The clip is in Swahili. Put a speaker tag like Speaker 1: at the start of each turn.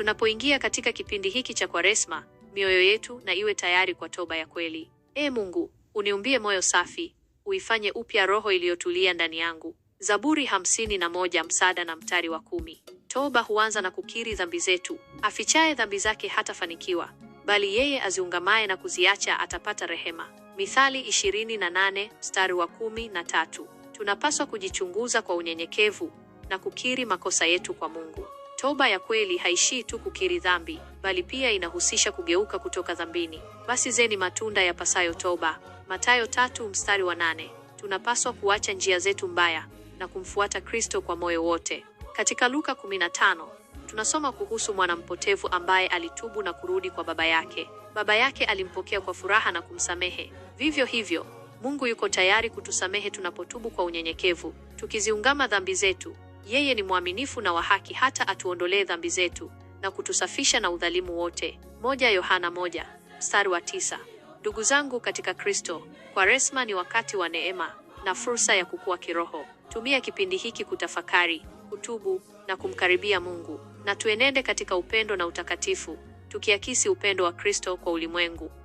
Speaker 1: Tunapoingia katika kipindi hiki cha Kwaresma, mioyo yetu na iwe tayari kwa toba ya kweli. Ee Mungu, uniumbie moyo safi, uifanye upya roho iliyotulia ndani yangu. Zaburi hamsini na moja msada na mtari wa kumi. Toba huanza na kukiri dhambi zetu. Afichaye dhambi zake hatafanikiwa, bali yeye aziungamaye na kuziacha atapata rehema. Mithali ishirini na nane mstari wa kumi na tatu. Tunapaswa kujichunguza kwa unyenyekevu na kukiri makosa yetu kwa Mungu. Toba ya kweli haishii tu kukiri dhambi, bali pia inahusisha kugeuka kutoka dhambini. Basi zeni matunda ya pasayo toba. Mathayo tatu mstari wa nane. Tunapaswa kuacha njia zetu mbaya na kumfuata Kristo kwa moyo wote. Katika Luka 15 tunasoma kuhusu mwanampotevu ambaye alitubu na kurudi kwa baba yake. Baba yake alimpokea kwa furaha na kumsamehe. Vivyo hivyo, Mungu yuko tayari kutusamehe tunapotubu kwa unyenyekevu, tukiziungama dhambi zetu. Yeye ni mwaminifu na wa haki hata atuondolee dhambi zetu na kutusafisha na udhalimu wote. Moja Yohana moja mstari wa tisa. Ndugu zangu katika Kristo, Kwaresma ni wakati wa neema na fursa ya kukua kiroho. Tumia kipindi hiki kutafakari, kutubu na kumkaribia Mungu, na tuenende katika upendo na utakatifu, tukiakisi upendo wa Kristo kwa ulimwengu.